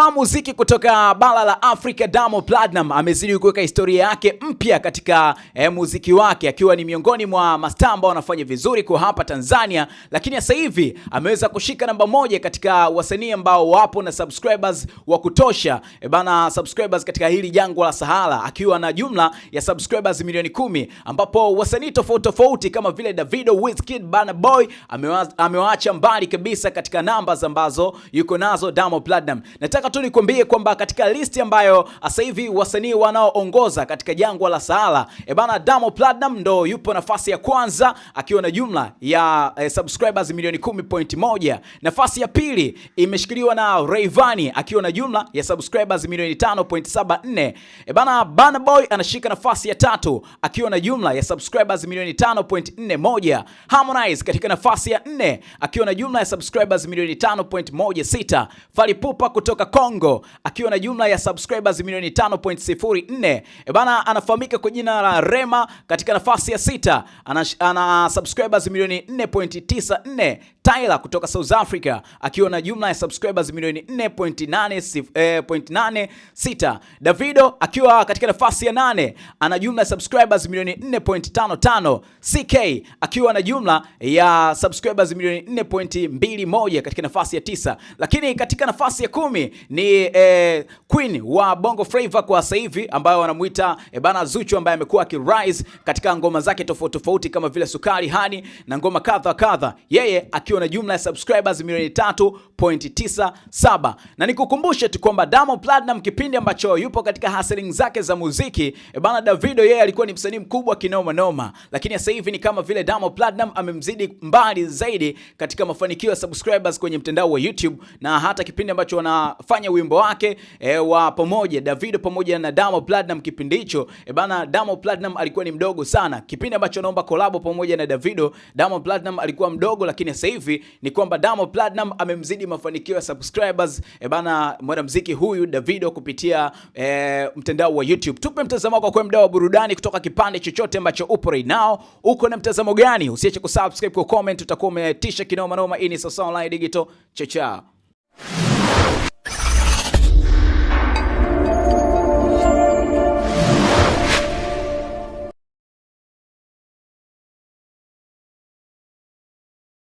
Star muziki kutoka bara la Afrika Diamond Platnumz amezidi kuweka historia yake mpya katika eh, muziki wake akiwa ni miongoni mwa mastaa ambao wanafanya vizuri kwa hapa Tanzania, lakini sasa hivi ameweza kushika namba moja katika wasanii ambao wapo na subscribers wa kutosha e bana, subscribers katika hili jangwa la Sahara, akiwa na jumla ya subscribers milioni kumi, ambapo wasanii tofauti tofauti kama vile Davido, Wizkid, Burna Boy amewaacha mbali kabisa katika namba ambazo yuko nazo Diamond Platnumz. Nataka tu nikwambie kwamba katika listi ambayo ah, sasa hivi wasanii wanaoongoza katika jangwa la Sahara, e bana, Damo Platinum ndo yupo nafasi ya kwanza akiwa na jumla ya e, subscribers milioni 10.1. Nafasi ya pili imeshikiliwa na Rayvanny akiwa na jumla ya subscribers milioni 5.74. E eh, bana, Burna Boy anashika nafasi ya tatu akiwa na jumla ya subscribers milioni 5.41. Harmonize katika nafasi ya nne akiwa na jumla ya subscribers milioni 5.16. Fally Ipupa kutoka Kongo akiwa na jumla ya subscribers milioni 5.04. E bana, anafahamika kwa jina la Rema katika nafasi ya sita ana, ana subscribers milioni 4.94. Tyler kutoka South Africa akiwa na jumla ya subscribers milioni 4.86. Eh, Davido akiwa katika nafasi ya nane ana jumla ya subscribers milioni 4.55. CK akiwa na jumla ya subscribers milioni 4.21 katika nafasi ya tisa, lakini katika nafasi ya kumi ni eh, queen wa Bongo Flava kwa sasa hivi ambayo wanamuita eh, bana Zuchu ambaye amekuwa akirise katika ngoma zake tofauti tofauti kama vile Sukari Hani na ngoma kadha kadha, yeye akiwa na jumla ya subscribers milioni 3.97. Na nikukumbushe tu kwamba Diamond Platinum kipindi ambacho yupo katika hustling zake za muziki eh, bana Davido yeye alikuwa ni msanii mkubwa kinoma noma, lakini sasa hivi ni kama vile Diamond Platinum amemzidi mbali zaidi katika mafanikio ya subscribers kwenye mtandao wa YouTube na hata kipindi ambacho wana kufanya wimbo wake e, wa pamoja Davido pamoja na Damo Platinum. kipindi hicho. E, bana Damo Platinum alikuwa ni mdogo sana. Kipindi ambacho naomba kolabo pamoja na Davido, Damo Platinum alikuwa mdogo, lakini sasa hivi ni kwamba Damo Platinum amemzidi mafanikio ya subscribers. E, bana mwanamuziki huyu Davido kupitia e, mtandao wa YouTube. Tupe mtazamo wako kwa mdau wa burudani kutoka kipande chochote ambacho upo right now. Uko na mtazamo gani? Usiache kusubscribe, ku comment, utakuwa umetisha kinoma noma. Hii ni Sawasawa Online Digital. Chao chao.